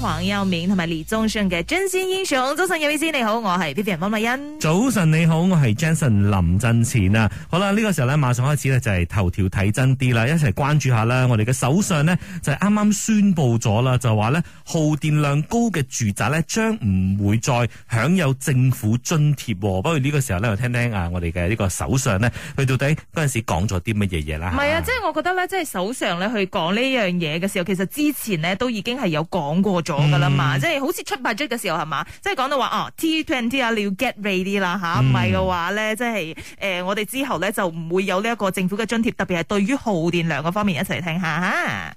黃耀明同埋李宗盛嘅真心英雄，早晨有李先你好，我係 Vivian 方慧欣，早晨你好，我係 Jason 林振前啊。好啦，呢、這個時候咧，馬上開始咧就係、是、頭條睇真啲啦，一齊關注下啦。我哋嘅首相呢，就係啱啱宣布咗啦，就話呢，耗電量高嘅住宅咧將唔會再享有政府津貼。不過呢個時候咧，我聽聽我啊，我哋嘅呢個首相呢，佢到底嗰陣時講咗啲乜嘢嘢啦？唔係啊，即係我覺得咧，即係首相咧去講呢樣嘢嘅時候，其實之前呢，都已經係有講過。咗噶啦嘛，即係好似出八 g 嘅時候係嘛，即係講到話哦 t twenty 啊，你要 get ready 啦吓，唔係嘅話咧，即係誒我哋之後咧就唔會有呢一個政府嘅津貼，特別係對於耗電量嗰方面，一齊聽下吓。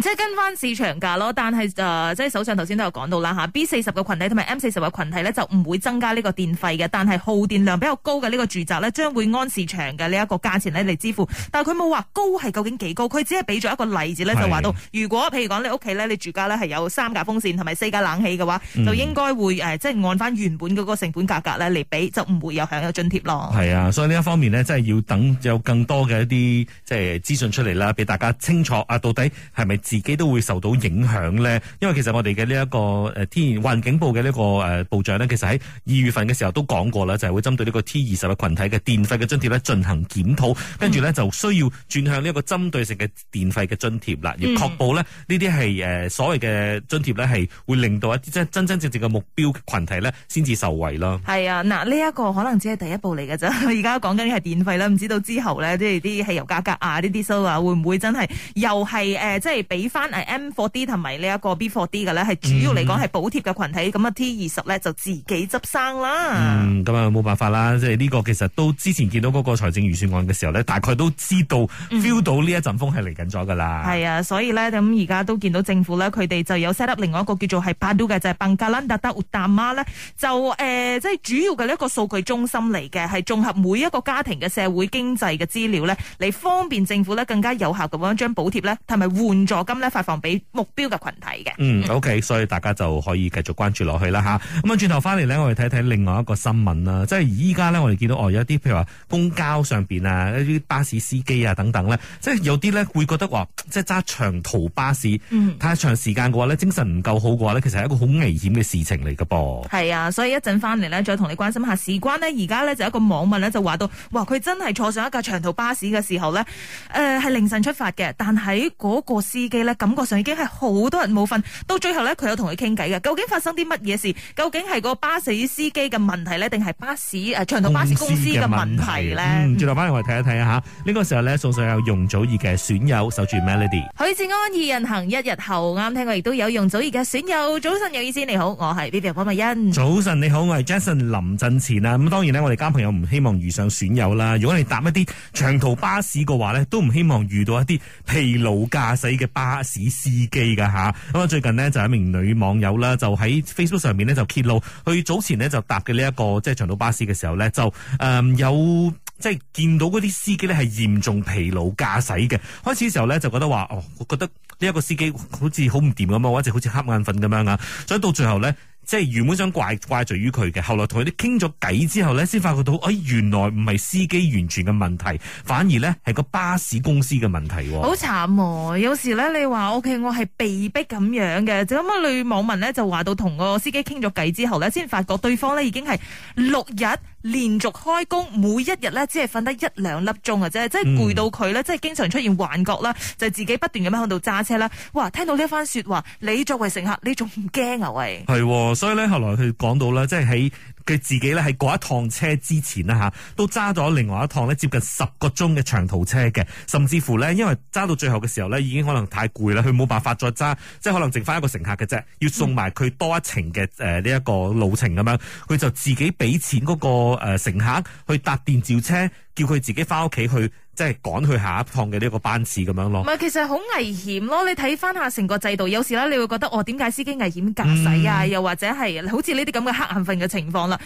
即係跟翻市場價咯，但係誒、呃，即係首相頭先都有講到啦嚇、啊。B 四十個群體同埋 M 四十個群體咧，就唔會增加呢個電費嘅。但係耗電量比較高嘅呢個住宅咧，將會按市場嘅呢一個價錢咧嚟支付。但係佢冇話高係究竟幾高，佢只係俾咗一個例子咧，就話到如果譬如講你屋企咧，你住家咧係有三架風扇同埋四架冷氣嘅話，嗯、就應該會誒、呃，即係按翻原本嗰個成本價格咧嚟俾，就唔會有享有津貼咯。係啊，所以呢一方面咧，真係要等有更多嘅一啲即係資訊出嚟啦，俾大家清楚啊，到底係咪？自己都會受到影響咧，因為其實我哋嘅呢一個誒天然環境部嘅呢個誒部長呢，其實喺二月份嘅時候都講過啦，就係會針對呢個 T20 群體嘅電費嘅津貼咧進行檢討，跟住咧就需要轉向呢一個針對性嘅電費嘅津貼啦，要確保咧呢啲係誒所謂嘅津貼咧係會令到一啲真真正正嘅目標群體咧先至受惠咯。係啊，嗱呢一個可能只係第一步嚟嘅啫，而家講緊嘅係電費啦，唔知道之後呢，即係啲汽油價格啊呢啲收啊，會唔會真係又係誒即係被俾翻係 M4D 同埋呢一個 B4D 嘅咧，係主要嚟講係補貼嘅群體。咁啊 T 二十咧就自己執生啦。嗯，咁啊冇辦法啦，即係呢個其實都之前見到嗰個財政預算案嘅時候咧，大概都知道、嗯、feel 到呢一陣風係嚟緊咗噶啦。係啊，所以咧咁而家都見到政府咧，佢哋就有 set up 另外一個叫做係巴都嘅，ama, 就係班加蘭達達烏達媽咧，就、呃、誒即係主要嘅一個數據中心嚟嘅，係綜合每一個家庭嘅社會經濟嘅資料咧，嚟方便政府咧更加有效咁樣將補貼咧，係咪援助，金咧發放俾目標嘅群體嘅，嗯，OK，所以大家就可以繼續關注落去啦吓。咁啊，轉頭翻嚟咧，我哋睇睇另外一個新聞啦、啊。即係依家咧，我哋見到哦，有一啲譬如話公交上邊啊，一啲巴士司機啊等等咧，即係有啲咧會覺得話，即係揸長途巴士，嗯，睇下長時間嘅話咧，精神唔夠好嘅話咧，其實係一個好危險嘅事情嚟㗎噃。係啊，所以一陣翻嚟咧，再同你關心下。事關呢。而家咧就一個網民咧就話到，哇，佢真係坐上一架長途巴士嘅時候咧，誒、呃，係凌晨出發嘅，但係嗰個司感覺上已經係好多人冇瞓，到最後呢，佢有同佢傾偈嘅。究竟發生啲乜嘢事？究竟係個巴士司機嘅問題呢？定係巴士誒、呃、長途巴士公司嘅問題呢？轉頭返嚟，我哋睇一睇下。呢、這個時候呢，送上有容祖兒嘅損友守住 Melody。許志安二人行一日後，啱啱聽過亦都有容祖兒嘅損友。早晨有意思，你好，我係 Vivian 郭美恩。早晨你好，我係 Jason 林振前啊！咁當然呢，我哋交朋友唔希望遇上損友啦。如果你搭一啲長途巴士嘅話呢，都唔希望遇到一啲疲勞駕駛嘅巴士司機噶吓，咁啊最近呢，就有一名女網友啦，就喺 Facebook 上面呢，就揭露，佢早前呢，就搭嘅呢一個即係長途巴士嘅時候呢，就誒、呃、有即係見到嗰啲司機呢，係嚴重疲勞駕駛嘅，開始時候呢，就覺得話，哦，我覺得呢一個司機好似好唔掂咁啊，或者好似瞌眼瞓咁樣啊，所以到最後呢。即係原本想怪怪罪於佢嘅，後來同佢哋傾咗偈之後咧，先發覺到，哎，原來唔係司機完全嘅問題，反而咧係個巴士公司嘅問題喎。好慘啊，有時咧你話，OK，我係被逼咁樣嘅，就咁啊！女網民咧就話到，同個司機傾咗偈之後咧，先發覺對方咧已經係六日，連續開工，每一日咧只係瞓得一兩粒鐘嘅啫，即係攰到佢咧，嗯、即係經常出現幻覺啦，就自己不斷咁樣喺度揸車啦。哇，聽到呢番說話，你作為乘客，你仲唔驚啊？喂，係，所以咧後來佢講到咧，即係喺。佢自己咧喺過一趟車之前啦吓，都揸咗另外一趟咧接近十個鐘嘅長途車嘅。甚至乎咧，因為揸到最後嘅時候咧，已經可能太攰啦，佢冇辦法再揸，即係可能剩翻一個乘客嘅啫，要送埋佢多一程嘅誒呢一個路程咁樣，佢就自己俾錢嗰個誒乘客去搭電召車，叫佢自己翻屋企去。即係趕去下一趟嘅呢個班次咁樣咯。唔係，其實好危險咯。你睇翻下成個制度，有時咧你會覺得，哦，點解司機危險駕駛啊？嗯、又或者係好似呢啲咁嘅黑眼瞓嘅情況啦。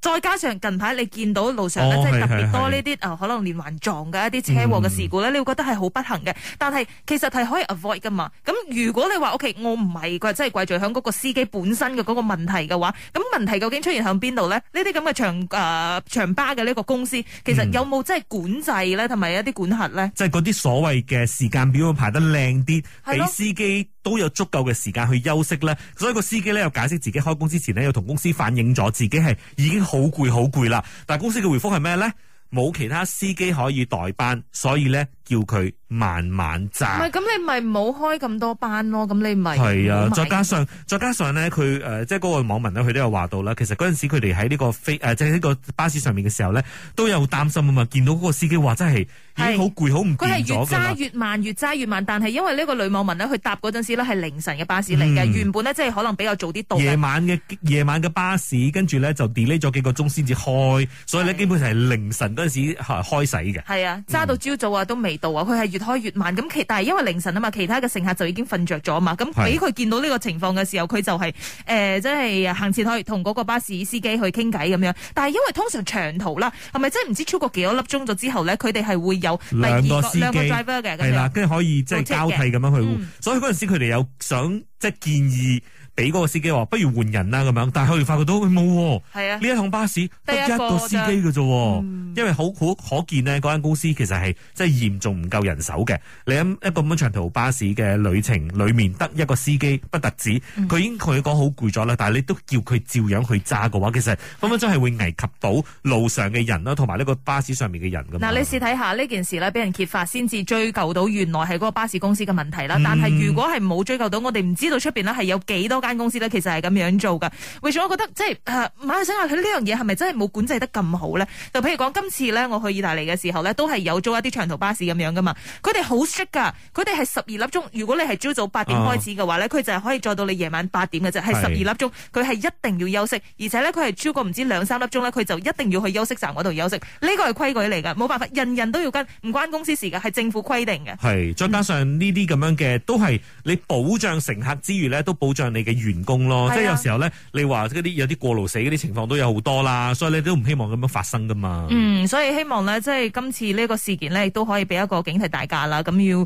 再加上近排你見到路上咧，哦、即係特別多呢啲啊，可能連環撞嘅一啲車禍嘅事故咧，嗯、你會覺得係好不幸嘅。但係其實係可以 avoid 噶嘛。咁如果你話 OK，我唔係佢真係怪罪響個司機本身嘅個問題嘅話，咁問題究竟出現響邊度咧？呢啲咁嘅長誒、呃、長巴嘅呢個公司，其實有冇即係管制咧，同埋一啲管轄咧？即係啲所謂嘅時間表排得靚啲，俾咯司機都有足夠嘅時間去休息咧。所以個司機咧又解釋自己開工之前咧，又同公司反映咗自己係已經。好攰好攰啦，但係公司嘅回覆係咩咧？冇其他司機可以代班，所以咧。叫佢慢慢揸，唔係咁你咪冇開咁多班咯。咁你咪係啊！再加上再加上咧，佢誒即係嗰個網民咧，佢都有話到啦。其實嗰陣時佢哋喺呢個飛誒即係呢個巴士上面嘅時候咧，都有擔心啊嘛。見到嗰個司機話真係已經好攰，好唔變咗㗎啦。佢係越揸越慢，越揸越慢。但係因為呢個女網民咧，佢搭嗰陣時咧係凌晨嘅巴士嚟嘅，原本咧即係可能比較早啲到。夜晚嘅夜晚嘅巴士，跟住咧就 delay 咗幾個鐘先至開，所以咧基本上係凌晨嗰陣時開開洗嘅。係啊，揸到朝早啊都未。度啊，佢係越開越慢，咁其但係因為凌晨啊嘛，其他嘅乘客就已經瞓着咗啊嘛，咁俾佢見到呢個情況嘅時候，佢就係、是、誒、呃，即係行前台同嗰個巴士司機去傾偈咁樣。但係因為通常長途啦，係咪真係唔知超過幾多粒鐘咗之後咧，佢哋係會有第二兩,兩個 driver 嘅，係啊的，跟住樣可以即係、就是、交替咁樣去。嗯、所以嗰陣時佢哋有想即係、就是、建議。俾嗰個司機話，不如換人啦咁樣，但係佢哋發覺到佢冇喎。哎、啊，呢一趟巴士得一個司機嘅啫，因為好好可見呢嗰間公司其實係真係嚴重唔夠人手嘅。你諗一個咁長途巴士嘅旅程裏面得一個司機，不特止，佢、嗯、已經佢講好攰咗啦。但係你都叫佢照樣去揸嘅話，其實分分鐘係會危及到路上嘅人啦，同埋呢個巴士上面嘅人嘅。嗱、嗯，你試睇下呢、嗯、件事咧，俾人揭發先至追究到原來係嗰個巴士公司嘅問題啦。但係如果係冇追究到，我哋唔知道出面呢係有幾多，嗯間公司咧，其實係咁樣做噶。為咗我覺得，即係誒、啊，馬來西亞佢呢樣嘢係咪真係冇管制得咁好咧？就譬如講今次咧，我去意大利嘅時候咧，都係有租一啲長途巴士咁樣噶嘛。佢哋好識噶，佢哋係十二粒鐘。如果你係朝早八點開始嘅話咧，佢、哦、就係可以再到你夜晚八點嘅啫。係十二粒鐘，佢係一定要休息，是而且咧佢係超過唔知兩三粒鐘咧，佢就一定要去休息站嗰度休息。呢個係規矩嚟噶，冇辦法，人人都要跟，唔關公司事噶，係政府規定嘅。係，再加上呢啲咁樣嘅，都係你保障乘客之餘咧，都保障你嘅。員工咯，呃、即係有時候咧，你話嗰啲有啲過勞死嗰啲情況都有好多啦，所以你都唔希望咁樣發生噶嘛。嗯，所以希望咧，即係今次呢個事件咧，亦都可以俾一個警惕大家啦。咁要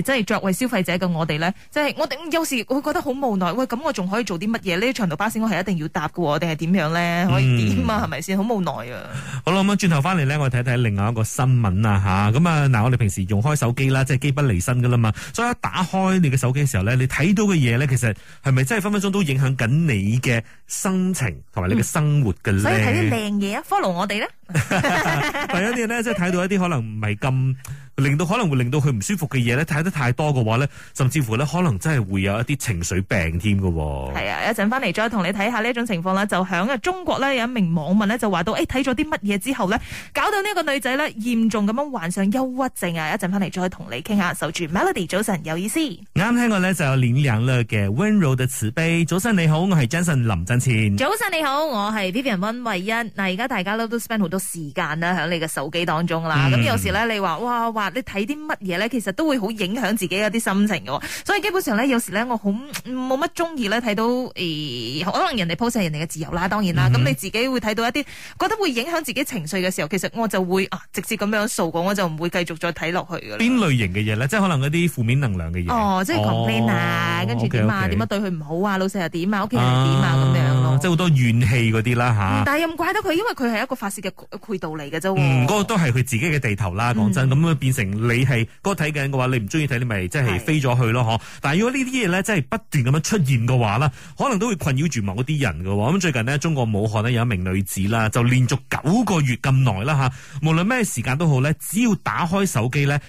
誒，即係作為消費者嘅我哋咧，即係我哋有時會覺得好無奈。喂，咁我仲可以做啲乜嘢？呢長途巴士我係一定要搭嘅，我哋係點樣咧？可以點啊？係咪先？好無奈啊！好啦，咁啊，轉頭翻嚟咧，我哋睇睇另外一個新聞啊，吓咁啊，嗱，我哋平時用開手機啦，即係機不離身噶啦嘛。所以一打開你嘅手機嘅時候咧，你睇到嘅嘢咧，其實係咪真係？分分鐘都影響緊你嘅心情同埋你嘅生活嘅、嗯、所以睇啲靚嘢啊，follow 我哋咧，睇一啲咧，即係睇到一啲可能唔係咁。令到可能會令到佢唔舒服嘅嘢咧，睇得太多嘅話咧，甚至乎咧可能真係會有一啲情緒病添㗎、哦。係啊，一陣翻嚟再同你睇下呢種情況啦。就喺啊中國咧有一名網民咧就話到，誒睇咗啲乜嘢之後咧，搞到呢個女仔咧嚴重咁樣患上憂鬱症啊！一陣翻嚟再同你傾下，守住 Melody 早晨有意思。啱聽過咧就有暖兩律嘅溫柔的慈悲。早晨你好，我係 Jensen 林振倩。早晨你好，我係 Vivian 溫慧欣。嗱而家大家咧都 spend 好多時間啦喺你嘅手機當中啦，咁、嗯、有時咧你話哇～你睇啲乜嘢咧，其實都會好影響自己嗰啲心情嘅，所以基本上咧，有時咧，我好冇乜中意咧睇到誒、呃，可能人哋 post 人哋嘅自由啦，當然啦，咁、嗯、哼你自己會睇到一啲覺得會影響自己情緒嘅時候，其實我就會啊直接咁樣掃過，我就唔會繼續再睇落去嘅。邊類型嘅嘢咧，即係可能嗰啲負面能量嘅嘢。哦，即係 complain 啊，哦、跟住點啊，點啊、okay, okay 對佢唔好啊，老細又點啊，屋企人點啊咁、啊、樣。即係好多怨氣嗰啲啦吓，但係又唔怪得佢，因為佢係一個發洩嘅渠道嚟嘅啫。嗯，嗰個都係佢自己嘅地頭啦。講真，咁啊變成你係嗰個睇緊嘅話，你唔中意睇，你咪即係飛咗去咯。嗬。但係如果呢啲嘢咧，即係不斷咁樣出現嘅話咧，可能都會困擾住某啲人嘅。咁最近呢，中國武漢呢有一名女子啦，就連續九個月咁耐啦吓，無論咩時間都好咧，只要打開手機咧，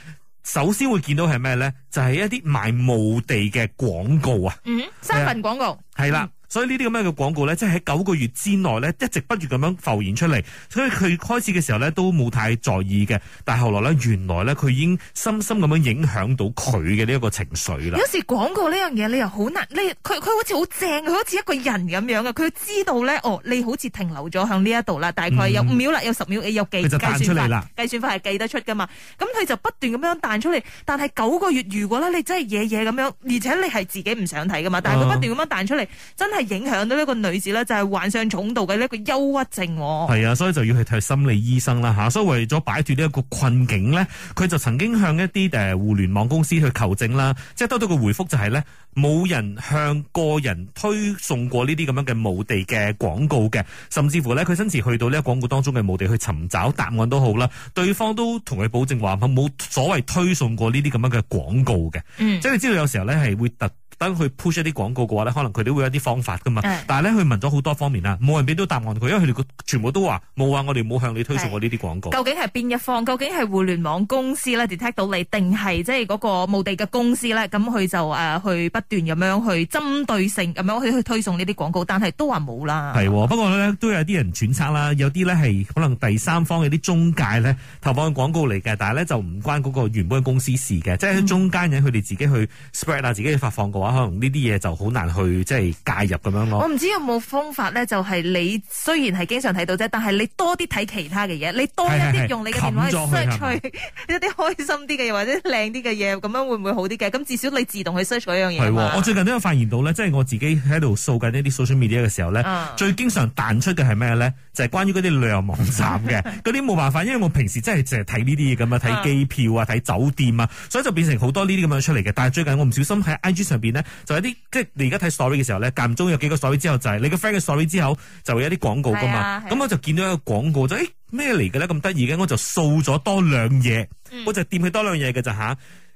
首先會見到係咩咧，就係一啲賣墓地嘅廣告啊。嗯，三份廣告係啦。所以呢啲咁樣嘅廣告咧，即係喺九個月之內咧，一直不斷咁樣浮現出嚟。所以佢開始嘅時候咧，都冇太在意嘅。但係後來咧，原來咧，佢已經深深咁樣影響到佢嘅呢一個情緒啦。有時廣告呢樣嘢，你又好難，你佢佢好似好正，好似一個人咁樣啊！佢知道咧，哦，你好似停留咗向呢一度啦，大概有五秒啦、嗯，有十秒，你有幾計算法，計算法係計得出噶嘛？咁佢就不斷咁樣彈出嚟。但係九個月，如果咧你真係夜夜咁樣，而且你係自己唔想睇噶嘛？但係佢不斷咁樣彈出嚟，真係、嗯、～影響到一個女子咧，就係、是、患上重度嘅呢個憂鬱症。係啊，所以就要去睇心理醫生啦，吓。所以為咗擺脫呢一個困境咧，佢就曾經向一啲誒互聯網公司去求證啦，即係得到個回覆就係、是、咧，冇人向個人推送過呢啲咁樣嘅墓地嘅廣告嘅，甚至乎咧，佢甚至去到呢個廣告當中嘅墓地去尋找答案都好啦，對方都同佢保證話冇所謂推送過呢啲咁樣嘅廣告嘅。嗯，即係你知道有時候咧係會突。等佢 push 一啲廣告嘅話咧，可能佢哋會有啲方法噶嘛。是但係咧，佢問咗好多方面啦，冇人俾到答案佢，因為佢哋全部都話冇，話我哋冇向你推送過呢啲廣告。究竟係邊一方？究竟係互聯網公司咧 detect 到你，定係即係嗰個墓地嘅公司咧？咁佢就誒去、啊、不斷咁樣去針對性咁樣去去推送呢啲廣告，但係都話冇啦。係、哦，不過咧都有啲人揣測啦，有啲咧係可能第三方嘅啲中介咧投放廣告嚟嘅，但係咧就唔關嗰個原本嘅公司事嘅，即係中間人佢哋自己去 spread 啊，自己去發放嘅話。嗯可能呢啲嘢就好難去即係介入咁樣咯。我唔知有冇方法咧，就係、是、你雖然係經常睇到啫，但係你多啲睇其他嘅嘢，你多一啲用你嘅電話去，去 search 一啲開心啲嘅，又或者靚啲嘅嘢，咁樣會唔會好啲嘅？咁至少你自動去 search 嗰樣嘢。係喎、哦，吧我最近都有發現到咧，即、就、係、是、我自己喺度掃緊呢啲 social media 嘅時候咧，嗯、最經常彈出嘅係咩咧？就係、是、關於嗰啲旅遊網站嘅，嗰啲冇辦法，因為我平時真係淨係睇呢啲嘢咁啊，睇機票啊，睇酒店啊，嗯、所以就變成好多呢啲咁樣出嚟嘅。但係最近我唔小心喺 I G 上邊咧。就有啲即係你而家睇 story 嘅時候咧，間唔中有幾個 story 之後就係、是、你個 friend 嘅 story 之後就會有啲廣告噶嘛，咁、啊啊、我就見到一個廣告，就誒，咩嚟嘅咧，咁得意嘅，我就掃咗多兩嘢，嗯、我就掂佢多兩嘢嘅就吓，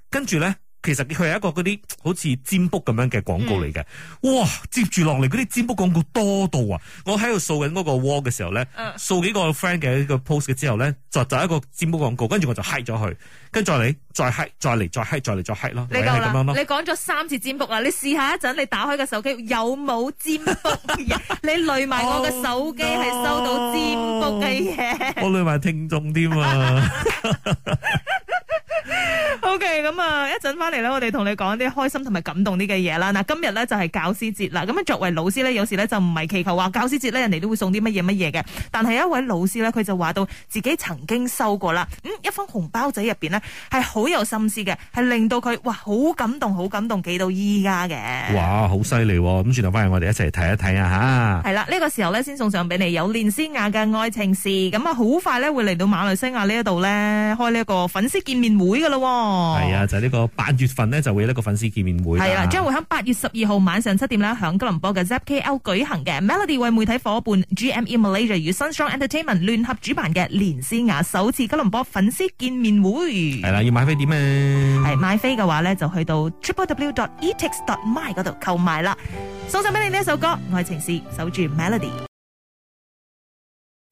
跟住咧。其實佢係一個嗰啲好似占卜咁樣嘅廣告嚟嘅，嗯、哇！接住落嚟嗰啲占卜廣告多到啊！我喺度掃緊嗰個 wall 嘅時候咧，掃、嗯、幾個 friend 嘅一個 post 嘅之後咧，就、嗯、就一個占卜廣告，跟住我就 hide 咗佢，跟住再嚟再 hide，再嚟再 hide，再嚟再 hide 咯，你係講咗三次占卜喇！你試下一陣，你打開個手機有冇占卜？ 你累埋我嘅手機係收到占卜嘅，嘢？我累埋聽眾添啊！咁啊，嗯、一陣翻嚟咧，我哋同你講啲開心同埋感動啲嘅嘢啦。嗱，今日咧就係教師節啦。咁啊，作為老師咧，有時咧就唔係祈求話教師節咧，人哋都會送啲乜嘢乜嘢嘅。但係一位老師咧，佢就話到自己曾經收過啦。咁、嗯、一封紅包仔入邊呢係好有心思嘅，係令到佢哇好感動，好感動，記到依家嘅。哇，好犀利！咁轉頭翻嚟，我哋一齊睇一睇啊吓。係啦、嗯，呢、這個時候咧，先送上俾你有連詩雅嘅愛情事。咁啊，好快咧會嚟到馬來西亞呢一度咧，開呢一個粉絲見面會噶咯。係就係呢個八月份咧，就會有一個粉絲見面會。係啦，將會喺八月十二號晚上七點咧，喺吉隆坡嘅 ZapKL 舉行嘅 Melody 為媒體伙伴 GME Malaysia 與 Sunstrong Entertainment 聯合主辦嘅連詩雅首次吉隆坡粉絲見面會。係啦，要買飛點啊？係買飛嘅話咧，就去到 www.etix.my 嗰度購買啦。送上俾你呢一首歌《愛情是守住 Melody》。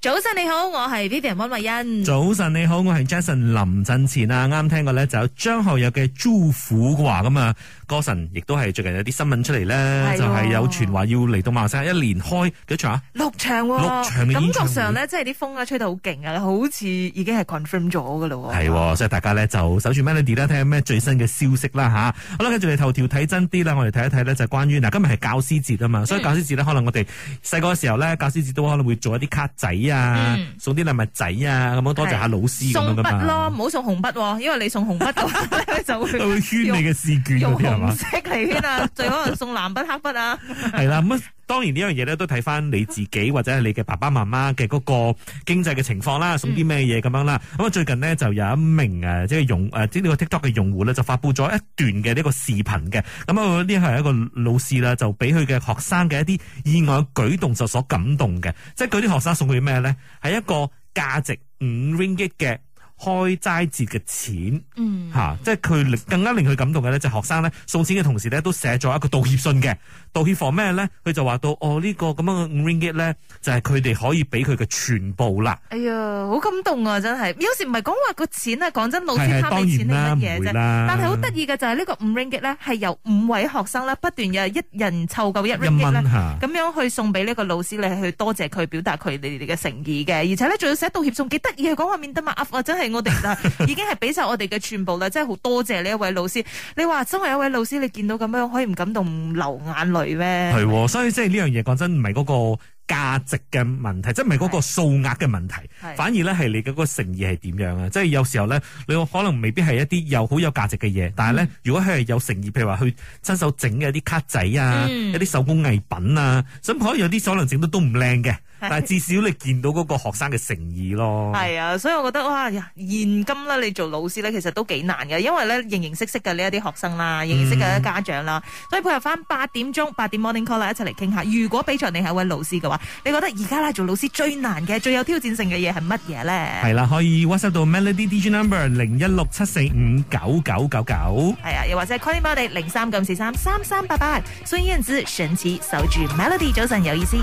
早晨你好，我係 Vivian 溫慧欣。早晨你好，我係 Jason 林振前啊！啱啱聽過咧就有張學友嘅《祝福》話，咁啊！歌神亦都係最近有啲新聞出嚟咧，哦、就係有傳話要嚟到萬山，一連開幾場啊？六場、哦，六場感覺上咧即係啲風啊吹得好勁啊，好似已經係 confirm 咗嘅咯。係、哦，所以大家咧就守住 Melody 啦，睇下咩最新嘅消息啦吓、啊。好啦，跟住嚟頭條睇真啲啦，我哋睇一睇咧就關於嗱，今日係教師節啊嘛，嗯、所以教師節咧可能我哋細個時候咧，教師節都可能會做一啲卡仔啊。啊！送啲禮物仔啊，咁樣多謝下老師送筆咯，唔好送紅筆，因為你送紅筆嘅話就會圈你嘅試卷啊，用紅色嚟圈啊， 最好係送藍筆、黑筆啊。係啦，咁當然呢樣嘢咧都睇翻你自己或者係你嘅爸爸媽媽嘅嗰個經濟嘅情況啦，送啲咩嘢咁樣啦。咁啊、嗯、最近呢，就有一名誒即係用誒即係用呢個 TikTok 嘅用戶咧就發佈咗一段嘅呢個視頻嘅。咁啊呢係一個老師啦，就俾佢嘅學生嘅一啲意外嘅舉動就所感動嘅。即係嗰啲學生送佢咩咧？係一個價值五 Ringgit 嘅。開齋節嘅錢，吓、嗯啊，即係佢更加令佢感動嘅咧，就係學生咧送錢嘅同時咧，都寫咗一個道歉信嘅道歉 for 咩咧？佢就話到哦，呢、這個咁樣、哦這個、五 ringgit 咧，就係佢哋可以俾佢嘅全部啦。哎呀，好感動啊，真係有時唔係講話個錢啊，講真，老師貪啲錢啲乜嘢啫。但係好得意嘅就係、是、呢、這個五 ringgit 咧，係由五位學生咧不斷嘅一人湊夠一 ringgit 咧，咁、啊、樣去送俾呢個老師咧去多謝佢，表達佢哋哋嘅誠意嘅，而且咧仲要寫道歉信，幾得意啊！講話面得嘛啊，真係。真我哋啦，已經係俾晒我哋嘅全部啦，真係好多謝呢一位老師。你話身為一位老師，你見到咁樣可以唔感動流眼淚咩？係，所以即係呢樣嘢講真唔係嗰個價值嘅問題，即係唔係嗰個數額嘅問題，是反而咧係你嘅個誠意係點樣啊？是即係有時候咧，你可能未必係一啲又好有價值嘅嘢，嗯、但係咧，如果係有誠意，譬如話去親手整嘅一啲卡仔啊，嗯、一啲手工藝品啊，咁可能有啲可能整得都唔靚嘅，是但係至少你見到嗰個學生嘅誠意咯。係啊，所以我覺得哇，現今咧你做老師咧，其實都幾難嘅，因為咧形形色色嘅呢一啲學生啦，形形色色嘅家長啦，所以配合翻八點鐘八點 morning call 啦，一齊嚟傾下。如果畀咗你係一位老師嘅話，你覺得而家啦，做老師最難嘅、最有挑戰性嘅嘢，係乜嘢咧？係啦，可以 WhatsApp 到 Melody DJ Number 零一六七四五九九九九，係啊，又或者 calling 我哋零三九四三三三八八。孫燕姿上次守住 Melody，早晨有意思。